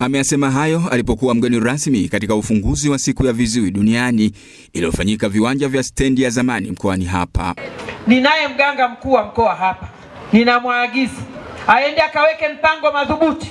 Ameyasema hayo alipokuwa mgeni rasmi katika ufunguzi wa siku ya viziwi duniani iliyofanyika viwanja vya stendi ya zamani mkoani hapa. Ninaye mganga mkuu wa mkoa hapa, ninamwaagiza aende akaweke mpango madhubuti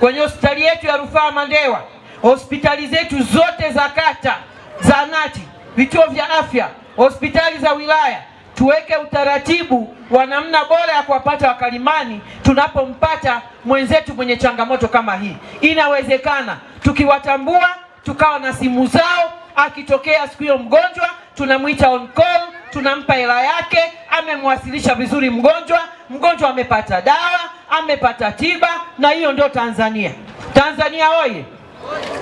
kwenye hospitali yetu ya rufaa Mandewa, hospitali zetu zote za kata, zahanati, vituo vya afya, hospitali za wilaya tuweke utaratibu wa namna bora ya kuwapata wakalimani tunapompata mwenzetu mwenye changamoto kama hii. Inawezekana tukiwatambua, tukawa na simu zao. Akitokea siku hiyo mgonjwa, tunamwita on call, tunampa hela yake, amemwasilisha vizuri mgonjwa, mgonjwa amepata dawa, amepata tiba, na hiyo ndio Tanzania. Tanzania oye!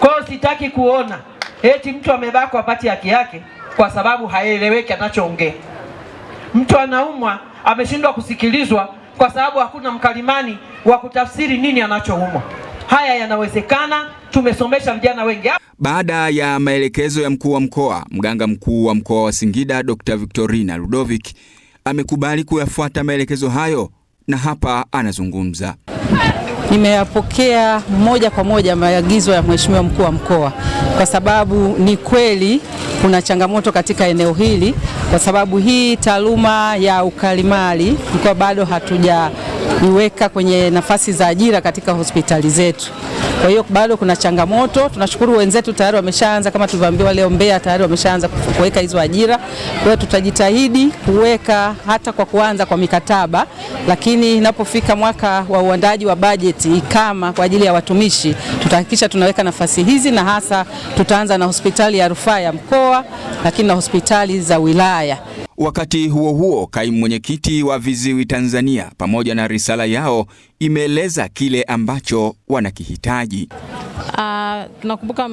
Kwa hiyo sitaki kuona eti mtu amebakwa apati haki yake kwa sababu haeleweki anachoongea. Mtu anaumwa ameshindwa kusikilizwa kwa sababu hakuna mkalimani wa kutafsiri nini anachoumwa. Haya yanawezekana, tumesomesha vijana wengi. Baada ya maelekezo ya mkuu wa mkoa, mganga mkuu wa mkoa wa Singida Dr. Victorina Ludovic amekubali kuyafuata maelekezo hayo na hapa anazungumza. Nimeyapokea moja kwa moja maagizo ya Mheshimiwa mkuu wa mkoa, kwa sababu ni kweli kuna changamoto katika eneo hili kwa sababu hii taaluma ya ukalimali ilikuwa bado hatuja kujiweka kwenye nafasi za ajira katika hospitali zetu. Kwa hiyo bado kuna changamoto. Tunashukuru wenzetu tayari wameshaanza, kama tulivyoambiwa leo Mbeya tayari wameshaanza kuweka hizo ajira. Kwa hiyo tutajitahidi kuweka hata kwa kuanza kwa mikataba, lakini inapofika mwaka wa uandaji wa bajeti kama kwa ajili ya watumishi, tutahakikisha tunaweka nafasi hizi, na hasa tutaanza na hospitali ya rufaa ya mkoa, lakini na hospitali za wilaya Wakati huo huo, kaimu mwenyekiti wa viziwi Tanzania pamoja na risala yao imeeleza kile ambacho wanakihitaji. Uh, tunakumbuka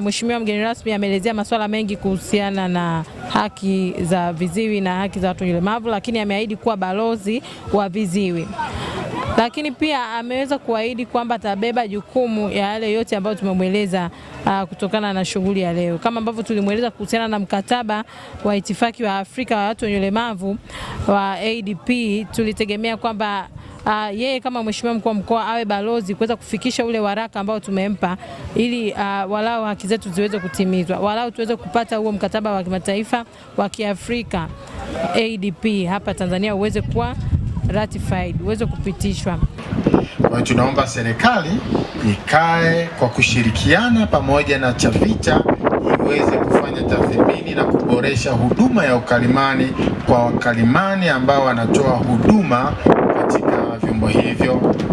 mheshimiwa mgeni rasmi ameelezea masuala mengi kuhusiana na haki za viziwi na haki za watu wenye ulemavu, lakini ameahidi kuwa balozi wa viziwi lakini pia ameweza kuahidi kwamba atabeba jukumu ya yale yote ambayo tumemweleza uh, kutokana na shughuli ya leo, kama ambavyo tulimweleza kuhusiana na mkataba wa itifaki wa Afrika wa watu wenye ulemavu wa ADP. Tulitegemea kwamba Uh, yeye kama mheshimiwa mkuu wa mkoa awe balozi kuweza kufikisha ule waraka ambao tumempa ili uh, walau haki zetu ziweze kutimizwa, walau tuweze kupata huo mkataba wa kimataifa wa Kiafrika ADP hapa Tanzania uweze kuwa ratified, uweze kupitishwa. Kwa hiyo tunaomba serikali ikae kwa kushirikiana pamoja na CHAVITA iweze kufanya tathmini na kuboresha huduma ya ukalimani kwa wakalimani ambao wanatoa huduma katika vyombo hivyo.